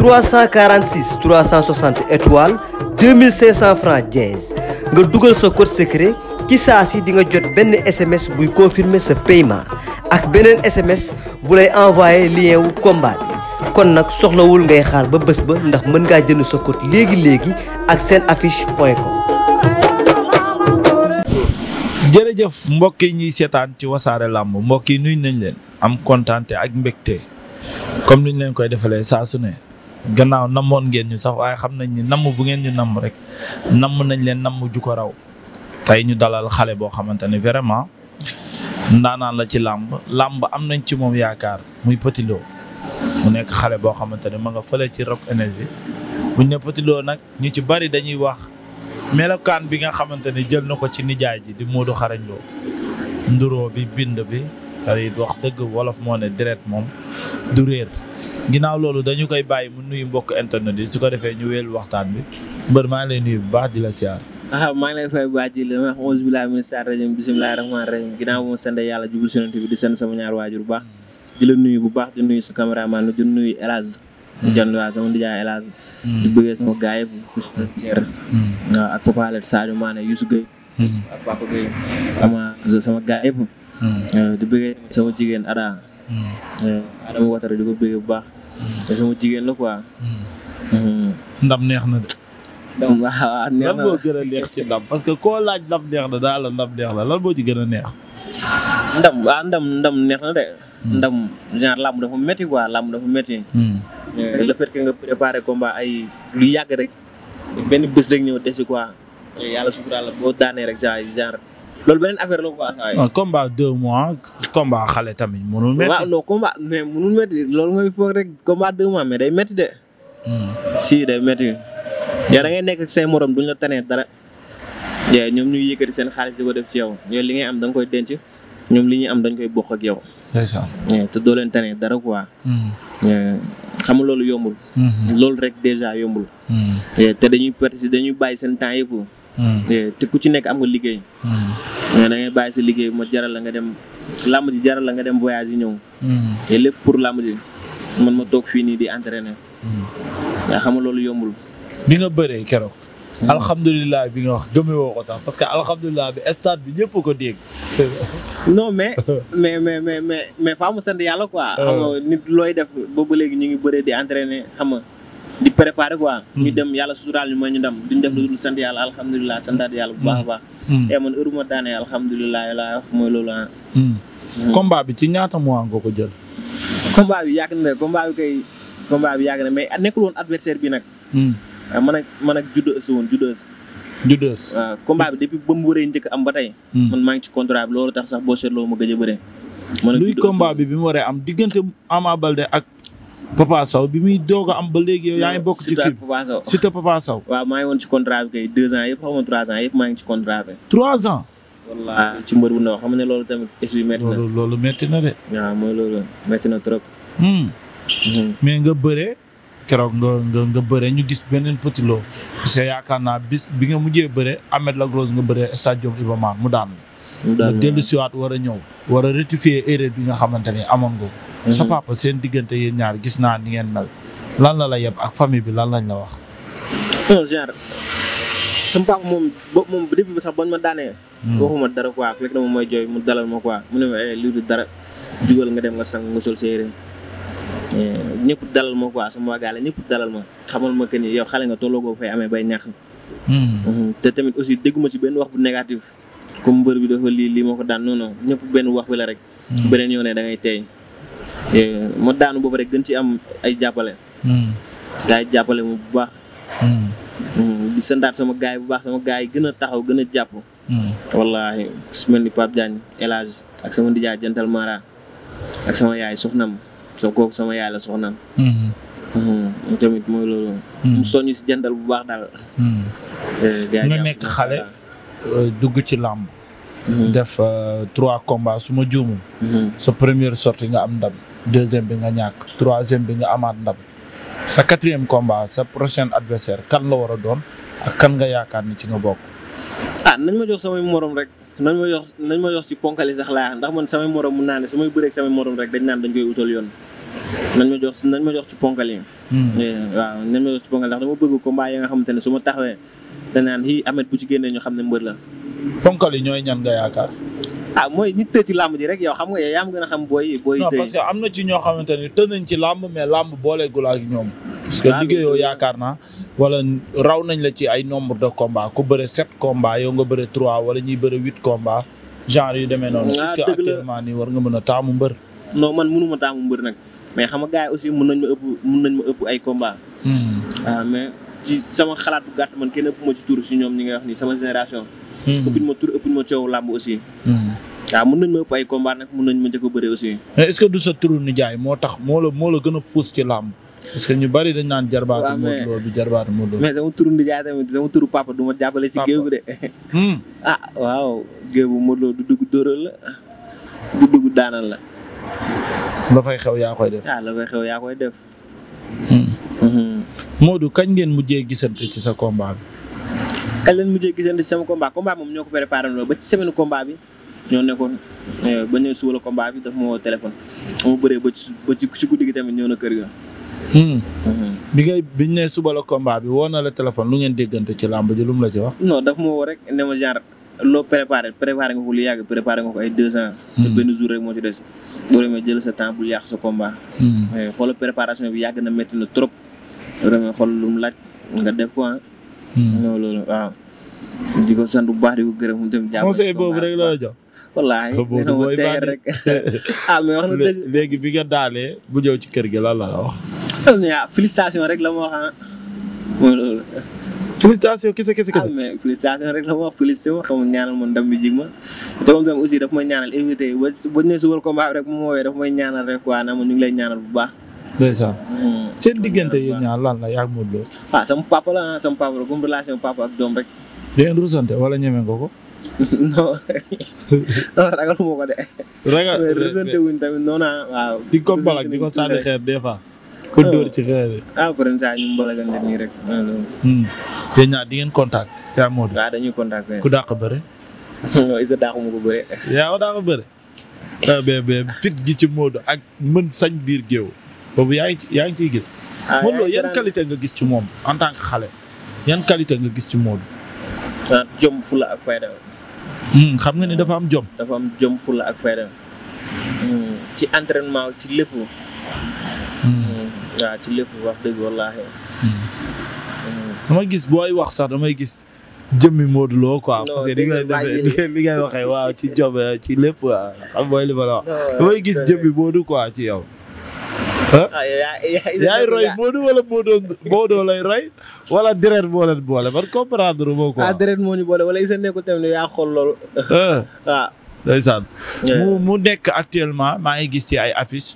346 360 étoiles 2500 francs dièse nga dugal sa code secret ci saa si di nga jot benn SMS buy confirmer sa paiement ak beneen SMS bu lay envoyer lien wu combat kon nag soxlawul ngay xaar ba bés ba ndax mën ngaa jënd sa code léegi léegi ak seen affiche point com. jërëjëf mbokk yi ñuy seetaan ci wasaare làmb mbokk yi nuyu nañ leen am kontaan ak mbégte comme ni ñu leen koy defalee saa su ne. gannaaw namoon ngeen ñu sax waaye xam nañ ni namb bu ngeen ñu namm rek namm nañ leen namm ju ko raw tey ñu dalal xale boo xamante ne vraiment naan la ci làmb làmb am nañ ci moom yaakaar muy Petit mu nekk xale boo xamante ne ma nga fële ci Rock Énergie buñ ne Petit nag ñu ci bari dañuy wax melokaan bi nga xamante ne jël na ko ci nijaay ji di Modou Xarañ Lo nduroo bi bind bi xarit wax dëgg wolof moo ne deret moom du réer ginnaaw loolu dañu koy bàyyi mu nuyu mbokk internet yi su ko defee ñu wéelu waxtaan bi mbër maa ngi lay nuyu bu baax di la siyaar ah maa ngi lay fay bu baax di la wax auzu billahi min sar rajim bismillahi rahmani rahim ginnaaw di sant sama ñaar waajur bu baax di la nuyu bu baax di nuyu su caméraman di nuyu El Hadj hmm. John waaw sama ndijaay El Hadj hmm. di bëggee sama gaay bu hmm. ak Papa Alet Sadio Mané Youssou Gueye ak Papa Gueye sama sama gaay di bëggee sama jigéen Ada Adama Watara a ko bëgg bu baax. na hmm. neex na a neex parce que koo laaj ndam neex na daal la neex na lan boo ci a neex. ndam ah ndam ndam neex na de. Hmm. ndam genre làmb dafa métti quoi làmb dafa métti. Hmm. le fait que nga préparé combat ay lu yàgg rek. benn bés rek ñëw desi quoi. yàlla suturaal boo daanee rek saa genre. loolu beneen affaire la quoi saa yi. non combat deux mois combat xale tamit mënul métti. waaw non combat mais mënul métti loolu mooy foog rek combat deux mois mais day métti de. Hmm. si day métti. yow da nekk seen say morom duñ la tane dara. yaa ñoom ñuy yëkkati seen xaalis di def ci yow yow li ngay am da koy denc ñoom li ñuy am dañ koy bokk ak yow. ndeysaan. te doo leen tane dara quoi. Hmm. xam nga loolu yombul. Hmm. loolu rek déjà yombul. te dañuy perte dañuy bàyyi seen temps yëpp. Hmm. Eh, te ku ci nekk am nga liggéey. Hmm. nga da ngay bàyyi sa liggéey ma jaral la nga dem làmb ji jaral la nga dem voyage ñëw. Hmm. lépp pour làmb ji man ma toog fii nii di entraîner. nga xam nga loolu yombul. bi nga bëree keroog. alhamdulilah bi nga wax gëmee woo ko sax parce que alhamdulilah bi stade bi ñëpp ko dégg. non mais mais mais mais mais mais faa mu sant yàlla ko euh. nit looy def boobu léegi ñu ngi bëree di entraîner xam nga. di préparer quoi. Hmm. ñu dem yàlla suturaal ñu mooy ñu dem duñ def lu dul sant yàlla alhamdulilah santaat yàlla baax a baax. Hmm. Hmm. et eh, man heure bu ma daanee alhamdulilah laa mooy loolu ah. combat bi ci ñaata mois nga ko jël. combat bi yàgg na combat bi kay combat bi yàgg na mais nekkul woon adversaire bi nag. waaw ah, man ak man ak juddeuse woon juddeuse. juddeuse waaw maa ngi ci contrat loolu tax sax boo seetloo ma gëj a luy combat bi mu waree am diggante Ama Baldé ak. Papa Sow bi muy doog am ba léegi yow yaa ngi bokk. ci kii Papa Sow surtout Papa Sow. waaw maa ngi woon ci contrat kay deux ans yëpp xaw trois ans yëpp maa ngi ci contrat bi. trois ans. wallaahi ci mbër bu na na de. Hmm. Hmm. mais nga bëre keroog nga nga nga bëre ñu gis beneen Petit Lo parce que yaakaar naa bi nga mujjee bëre Ahmed Lagrosse nga bëre stade Iba Mar mu daan. mu daan dellu siwaat war a ñëw. wara a rectifier erreur nga xamante ni amoon go Mhm. sa papa seen diggante yéen ñaar gis naa ni ngeen mel lan la la yeb ak famille bi lan lañ la wax. Euh, sama papa moom ba moom depuis sax bañ ma daanee. Hmm. waxuma dara quoi fekk na moom mooy jooy mu dalal ma quoi mu ne ma eh, lii du dara nga dem nga sang nga sol eh, ñëpp dalal ma quoi sama ñëpp dalal ma xamal ma que ni yow xale nga tolloogoo fay amee bay ñax hmm. mhm. te tamit aussi dégguma ci benn wax bu négatif comme mbër bi dafa lii lii moo ko daan non ñëpp benn wax bi la rek. Hmm. beneen yoon ne da ma daanu boobu rek gën ci am ay jàppale. Hmm. gars yi jàppale mu bu baax. Hmm. Hmm, di santaat sama gaay bu baax sama gaay gën a taxaw gën a jàpp. wallaahi su mel ni Pape Diagne El Hadj ak sama ndijaay Jantal Mara ak sama yaay soxnam sa kooku sama yaay la soxnam. moom tamit mooy mu soñu si jantal bu baax daal. Eh, gars yi nga nekk xale euh, dugg ci làmb. def euh, trois combats su ma juumul. sa première sortie nga am ndam. deuxième bi nga ñàkk troisième bi nga amaat ndam sa quatrième combat sa prochain adversaire kan la war a doon a kan nga yaakaar ni ci nga bokk. ah nañ ma jox samay morom rek nañ ma jox nañ ma jox ci ponkali sax laa ndax man samay morom mun naa ne samay bëreeg samay morom rek dañ naan dañ koy utal yoon. nañ ma jox nañ ma jox ci ponkali. Hmm. Eh, waaw nañ ma jox ci ponkali ndax dama bëgg combat yi nga xamante ne su ma taxawee danaan hi Amet bu ci génnee ñu xam ne mbër la. ponkali ñooy ñan ah mooy ñi tëj ci làmb ji rek yow xam nga yow yaa gën a xam booy booy. non parce que am na ci ñoo xamante ne tën nañ ci làmb mais làmb booleegul ak ñoom. parce que liggéeyoo yaakaar na wala raw nañ la ci ay nombre de combats ku bëre sept combats yow nga bëre trois wala ñuy bëre huit combats genre yu deme noonu. parce ah, que actuellement nii war nga mën a taamu mbër. non man mënu ma taamu mbër nag mais xam nga gars aussi mën nañ ma ëpp mën nañ ëpp ay combats. waaw hmm. ah, mais ci sama xalaat bu man kenn ci tur si ñoom ñi nga wax ni sama génération Hmm. ëppin ma tur ëppin ma coow làmb aussi. Hmm. waaw mun nañ ma ëpp ay combat nag mën nañ ma njëkk a bëre aussi. mais est que du sa turu nijaay moo tax moo la moo la gën a pousse ci làmb. parce que ñu bari dañ naan jarbaatu Modou Lo du jarbaatu Modou Lo. mais sama turu nijaay tamit sama turu papa du ma jàppale ci géew bi de. Hmm. ah waaw géew bu Modou du dugg dóoral la du dugg daanal la. la fay xew yaa koy def. ah la fay xew yaa koy def. kañ ngeen mujjee gisante ci sa combat kañ leen mujjee gisante ci sama combat combat moom ñoo ko préparé woon ba ci semaine combat bi ñoo nekkoon euh, ba ñëw suba la combat bi daf ma woo téléphone ma bëree ba ci ba ci guddi gi tamit ñëw na kër ga. Hmm. Mhm. bi ngay biñ ne suba la bi woo na la téléphone lu ngeen déggante ci làmb ji lu mu la ci wax. non daf ma woo rek ne ma genre loo préparé préparé nga ko lu yàgg préparé nga ko ay deux ans. Hmm. te benn jour rek moo ci des. boo demee jël sa temps bul yàq sa combat. Hmm. xoolal préparation bi yàgg na métti na trop. vraiment laaj nga def ko Hmm. loolu la waaw. di ko sant bu baax di ko gërëm mu dem. jàppale conseil boobu rek la jox. wallaahi nee na ma tey rek ah mais wax na dëgg. léegi bi nga daalee bu ñëw ci kër gi lan la la wax. Ah, ah félicitation rek la ma wax ah. loolu. félicitation kese kese kese. ah mais félicitation rek la ma wax félicité ma. xam ñaanal ma ndam bi jig ma te moom tamit aussi daf may ñaanal invité yi ba ba ñu nee suba combat rek bu ma woowee daf may ñaanal rek waa na ma ñu ngi lay ñaanal bu baax. ndeysaan mm. seen diggante yéen ñaar lan la yaa ngi Modou Lo. ah sama papa la ah sama papa la comme relation papa ak doom rek. da ngeen rusante wala ñeme nga ko. non ragal moo ko de. ragal mais rusante wuñ tamit noonu ah waaw. di ko balak di ko sànni xeer des fois. ko dóor ci xeer ah pour ça ñu mbalagante nii rek. Ah, hmm. yéen ah, ku dàq bëre. non isa dàqu ma ko bëre. yaa ko dàq ah, fit gi ci Modou ak mën sañ biir géew. boobu yaa ngi yaa ngi ciy gis. Ah, Modou yan qualité nga gis ci moom en tant xale yan qualité nga gis ci Modou. ah jom fula ak fayda. Hmm, xam nga ni dafa am jom. dafa am jom fula ak fayda. Hmm, ci entraînement ci lépp. Hmm, waaw ci lépp wax dëgg wallaahi. damay gis booy wax sax damay gis jëmmi Modou Lo quoi. parce que li ngay defee li waxee waaw ci jom ci lépp waaw xam booy li ma la wax. damay gis jëmmi Modou quoi ci yow. yaay roy Modou wala Modou Modou lay roy wala deret moo leen boole man comprendre moo ko ah deret moo ñu boole wala isa nekkul tamit ah. mu mu nekk actuellement maa ngi gis ci ay affiche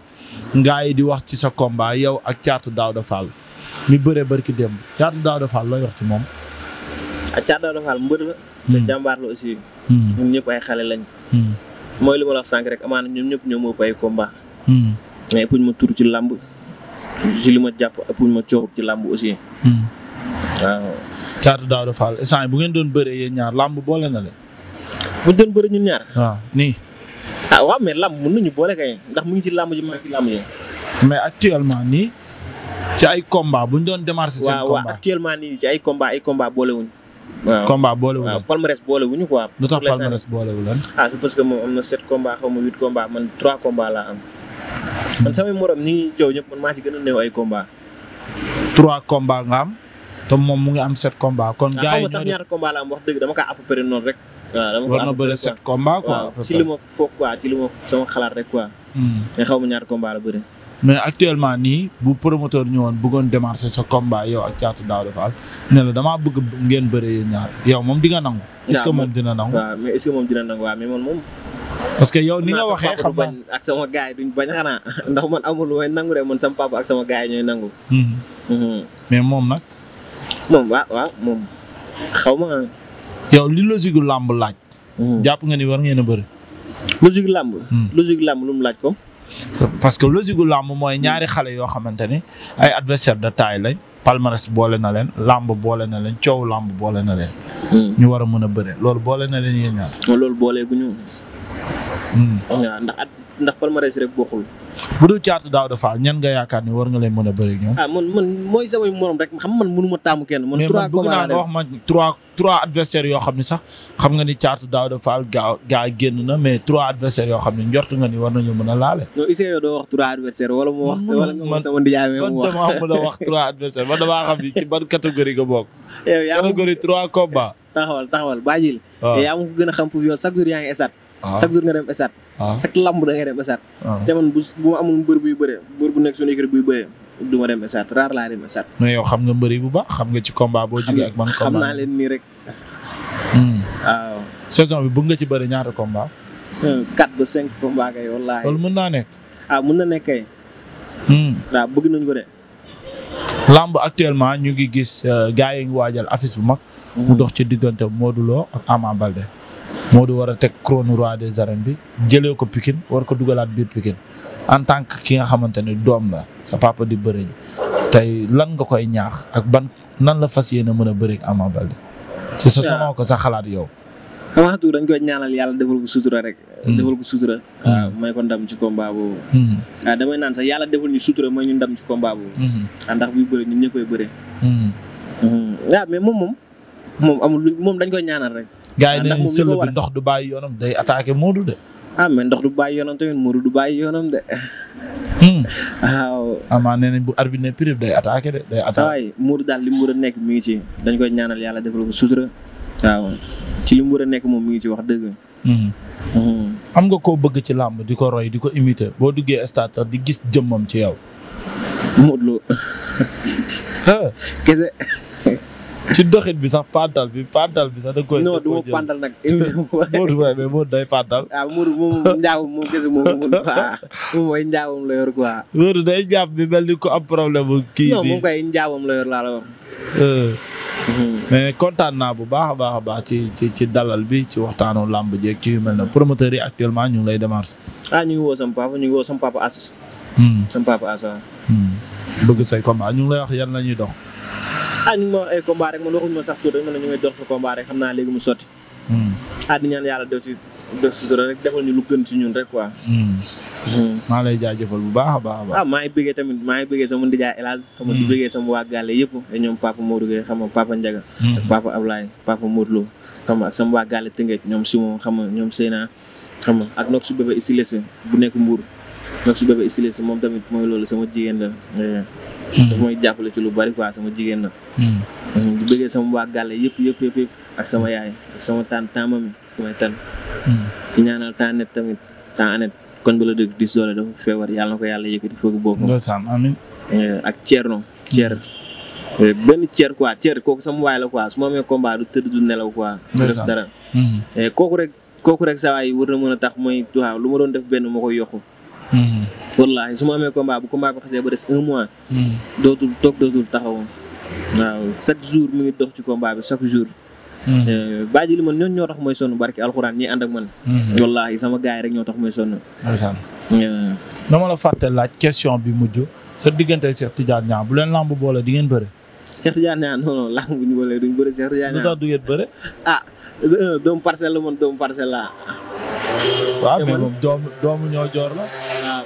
ngaa yi di wax ci sa combat yow ak Thiatou Daouda Fall mi bëree barki démb Thiatou Daouda Fall looy wax ci moom ah Thiatou Daouda Fall mbër la hmm. jàmbaar la aussi hmm. ñun ñëpp ay xale lañ hmm. mooy li ma la wax sànq rek amaana ñun ñëpp ñoo moo pay combat mais ëppuñ ma tur ci làmb ci li ma jàpp ëppuñ ma coow ci làmb aussi. Hmm. waaw. Thiatou Daouda Fall instant bu ngeen doon bëree yéen ñaar làmb boole na leen. bu ñu doon bëree ñun ñaar. waaw nii. ah waaw mais làmb mën nañu boole kay ndax mu ngi ci làmb ji ma ci làmb ji. mais actuellement nii ci ay combat bu ñu doon démarrer seen. combat waaw waaw actuellement nii ci ay combat ay combat boolewuñu. waaw combat boolewul waaw palmarès boolewuñu quoi. Ah, am na sept combat xaw ma huit combat man trois combat laa am. man samay morom ñi ngi joow ñëpp man maa ci gën a néew ay combat trois combat nga am te moom mu ngi am sept combat kon ah, gars yi sax ñaata combat wax dëgg dama kaa à peu près noonu rek waaw dama war li ma foog quoi ci li ma sama xalaat rek quoi hmm. mais xaw ma ñaata combat la bëri mais actuellement nii bu promoteur ñëwoon bëggoon démarrer sa combat yow ak Thiatou Daouda Fall ne la damaa bëgg ngeen bëre yéen ñaar yow moom di nga nangu est-ce que moom dina nangu waaw mais est-ce moom dina nangu mais man moom parce que yow ni nga waxee xam bañ ak sama gaay duñ bañ xanaa ndax man amul lu may nangu rek man sama papa ak sama gaay ñooy nangu. Hmm. Hmm. mais moom nag. moom waaw waaw moom xaw ma. yow li logique làmb laaj. Hmm. jàpp nga ni war ngeen a bëri. logique làmb. logique làmb lu mu laaj ko. parce que logique làmb mooy ñaari xale yoo xamante ni ay adversaire de taille lañ. palmarès boole na leen làmb boole na leen coow làmb boole na leen. ñu war a mën a bëre loolu boole na leen yéen ñaar. loolu boole gu ñu. waaw mm. ndax at ndax palmarès rek bokkul. bu du caatu daaw dafa ñan nga yaakaar ni war nga leen mën a bëri ñoom. ah man man mooy samay morom rek xam man mënu ma taamu kenn. man trois bëgg naa wax ma trois trois adversaires yoo xam ne sax xam nga ni caatu daaw dafa gaaw gaa génn na mais trois adversaires yoo xam ne njort nga ni war nañu mën a laale. non Issa yow doo wax trois adversaires wala moo wax. wala nga wax sama nijaay mu wax a wax trois adversaires man damaa xam ni ci ban catégorie nga bokk. yaa bàyyil. waaw yaa ma gën a xam pour yow chaque jour yaa Ah. chaque jour nga dem stade. Ah. chaque lamb da ngay dem stade. Ah. te man bu bu ma amul mbër buy bëree bu nekk suñu équipe buy bëree du ma dem stade rare laa dem stade. mais yow xam nga mbëri bu ba xam nga ci combat boo jógee ak man combat xam naa nii rek. Hmm. bi bëgg nga ci bëri ñaata combat. 4 euh, ba cinq combat kay wallaahi. loolu mën naa nekk. ah mën na nekk kay. Hmm. bëgg nañ ko de. lamb actuellement ñu ngi gis euh, gars yi ngi waajal affiche bu mag. Hmm. mu dox ci diggante Modou Lo ak Ama Balde. Modou war a teg couronne roi des arènes bi jëlee ko Pikine war ko dugalaat biir Pikine en tant que ki nga xamante doom la sa papa di bëri tey lan nga koy ñaax ak ban nan la fas yéene a bëri ak Ama a ci sa sama ko sa xalaat yow. avant tout dañ koy ñaanal yàlla defal ko sutura rek. Hmm. defal ko sutura. waaw may ko ndam ci combat boobu. waaw hmm. ah, damay naan sax yàlla defal ñu sutura may ñu ndam ci combat hmm. a ah, ndax buy bëri ñun ñoo koy bëri. waaw mais moom moom dañ koy ñaanal rek. gaa yi ah, dañuy sël bi ndox du bàyyi yoonam day attaqué Modou de. ah mais ndox du bàyyi yoonam tamit Modou du bàyyi yoonam de. Hmm. waaw. amaa nee bu arbitre ne prive day attaqué de day. attaqué waaye daal li mu war a nekk mi ngi ci dañ koy ñaanal yàlla defal ko sutura. ci li mu war a nekk moom mi ngi ci wax dëgg. Hmm. Hmm. am nga koo bëgg ci làmb di ko roy di ko imiter boo duggee stade sax di gis jëmmam ci yow. Modou Lo. kese. ci doxin bi sax pantal bi pantal bi sax da koy. non du ma pantal nag. Modou waaye mais Modou day pantal. ah Modou moom njaawam moom kese moom moom mooy njaawam la yor quoi. Modou day jàpp bi mel ni ko am problème mu kii. non moom kay njaawam la yor laa la wax. Euh. Hmm. mais kontaan naa bu baax a baax a baax ci ci ci dalal bi ci waxtaanu làmb jeeg ci yu mel na promoteurs yi actuellement ñu ngi lay démarrer. ah ñu ngi woo sama papa ñu ngi woo sama papa As. Hmm. sama papa As hmm. bëgg say combat ñu ngi lay wax yan la ñuy dox. ah ñu ngi ma ay eh, combat rek man waxuñu ma sax tuuti rek man sa combat rek xam naa léegi mu sotti. Hmm. ah di ñaan yàlla def ci def ci rek defal ñu lu gën ci ñun rek quoi. Hmm. Hmm. maa lay jaajëfal bu a baax a baax. ah maa ngi bëggee tamit maa ngi bëggee sama ndijaay El Hadj. xam nga di bëggee sama waa Gàlle yëpp ak ñoom papa Modou Gueye xam nga papa Ndiaga. ak papa Ablaye papa Lo xam nga ak ñoom Simon xam ak noog su bébé Isilese bu nekk Mbour noog su bébé Isilese moom tamit mooy loolu sama jigéen la eh. daf mm. may jàppale ci lu bari quoi sama jigéen la mm. Mm, di bëggee sama waa gàlle yëpp yëpp yëpp yëpp ak sama yaay ak sama taan taamami may tan ci ñaanal taanet tamit taa anet kon ba la dëgg dis a dafa feebar yàlla na ko yàlla yëkkati foogu boppam amiin eh, ak Thierno Thier eh, benn Thier quoi Thier kooku sama waay la quoi su ma amee combat du tëdd du nelaw quoi def dara eh, kooku rek kooku rek na mën a tax mooy lu ma doon def benn ma koy yokku Mm-hmm. wallaahi su ma amee combat bu combat bi xasee ba des un mois. Mm-hmm. dootul toog dootul taxawoon. waaw chaque jour mu ngi dox ci combat bi chaque jour. Mm-hmm. Eh, baaji li man ñoon ñoo tax mooy sonn barki alxuraan ñi ànd ak man. wallaahi sama gars ñoo tax mooy sonn. ndeysaan. dama la fàtte laaj question bi mujj sa diggante Cheikh Tidiane Niang bu leen lamb boole di ngeen bëre. Cheikh Tidiane Niang non non lamb bu ñu boole duñ bëre Cheikh Tidiane Niang. lu tax du ngeen bëre. ah doomu parcelle la man doomu parcelle la waaw eh, mais moom doomu doomu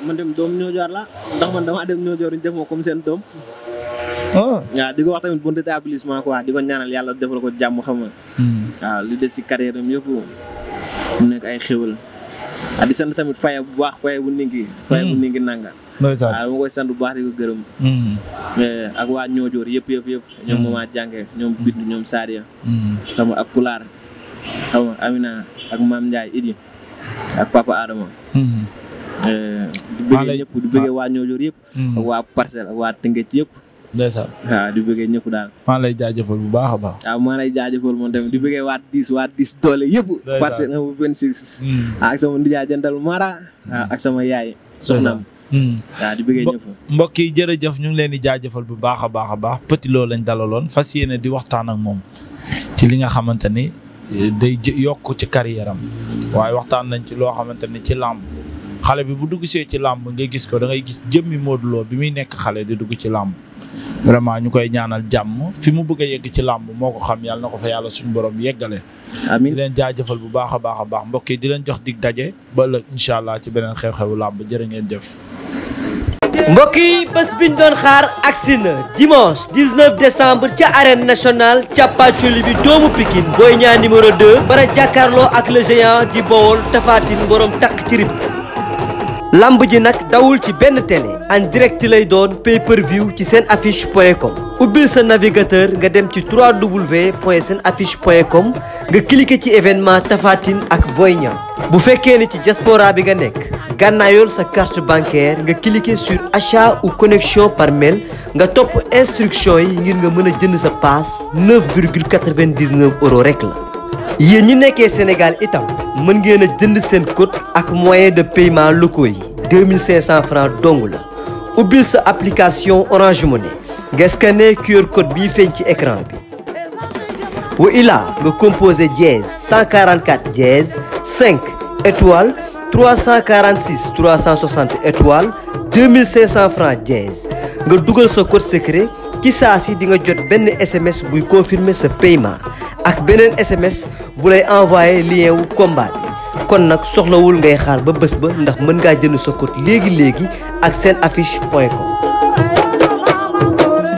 man dem doom ñoo joor la ndax man damaa dem ñoo joor ñu def ma comme seen doom. Oh. waaw di wax tamit bon rétablissement quoi di ko ñaanal yàlla defal ko jàmm xam nga. Hmm. waaw li si carrière am yëpp nekk ay xéwal. ah di sant tamit faye bu baax faye bu ningi faye bu hmm. ningi nanga ndeysaan waaw ma koy sant bu baax di ko gërëm hmm. eh, ak waa ñoojoor yëpp yëpp yëpp ñoom mama jànge ñoom bind ñoom saria xam nga ak kulaar xam amina ak maam ndiaye idi ak papa adama Euh, di bëggee ñëpp di bëggee waa Ñoojoor yëpp hmm. ak waa Parcelles waa Tëngéej yëpp di bëggee ñëpp daal maa lay jaajëfal bu baax a baax waaw maa lay jaajëfal moom tamit di bëggee waa dix waa dix doole yëpp Parcelles bu vingt six hmm. ak hmm. ak sama yaay soxnaam waaw di bëggee ñëpp mbokk yi jërëjëf ñu ngi leen di jaajëfal bu baax a baax a baax Petit Lo lañ dalaloon fas yéene di waxtaan ak moom ci li nga xamante ni eh, day yokk ci carrière waaye waxtaan nañ ci loo xamante ci làmb xale bi bu dugg see ci làmb nga gis ko da ngay gis jëmmi Modou Lo bi muy nekk xale di dugg ci làmb vraiment ñu koy ñaanal jàmm fi mu bëgg a yegg ci làmb moo ko xam yàlla na ko fa yàlla suñu borom yeggale. amiin di leen jaajëfal bu baax a baax a baax mbokk yi di leen jox dig daje ba ëllëg incha allah ci beneen xew-xewu làmb jërë ngeen jëf. mbokk yi bi biñ doon xaar agsi na dimanche 19 décembre ca arène nationale càppaacoli bi doomu Pikine Boy Niang numéro 2 bara jàkkaarloo ak le géant di Bawol Tapha takk ci lamb ji nag dawul ci benn télé en direct lay doon pay per view ci seen affiche point com ubbil sa navigateur nga dem ci 3w point seen affiche point com nga cliqué ci événement Tafatine ak Boy Niang bu fekkee ni ci diaspora bi nga nekk gànnaayool sa carte bancaire nga cliqué sur achat ou connexion par mail nga topp instruction yi ngir nga mën a jënd sa paas 9,99 euros rek la. yéen ñi nekkee Sénégal itam mën ngeen a jënd seen code ak moyen de paiement locaux yi 2500 francs dong la ubbil sa application Orange Money nga scanné QR code bii feeñ ci écran bi wa ilaa nga composé dièse 144 dièse 5 étoile 346 360 étoile 2500 francs dièse nga dugal sa code secret ci saa si di nga jot benn SMS buy confirmer sa paiement ak beneen SMS bu lay envoyer lien wu combat kon nag soxlawul ngay xaar ba bés ba ndax mën ngaa jënd sa code léegi léegi ak seen affiche point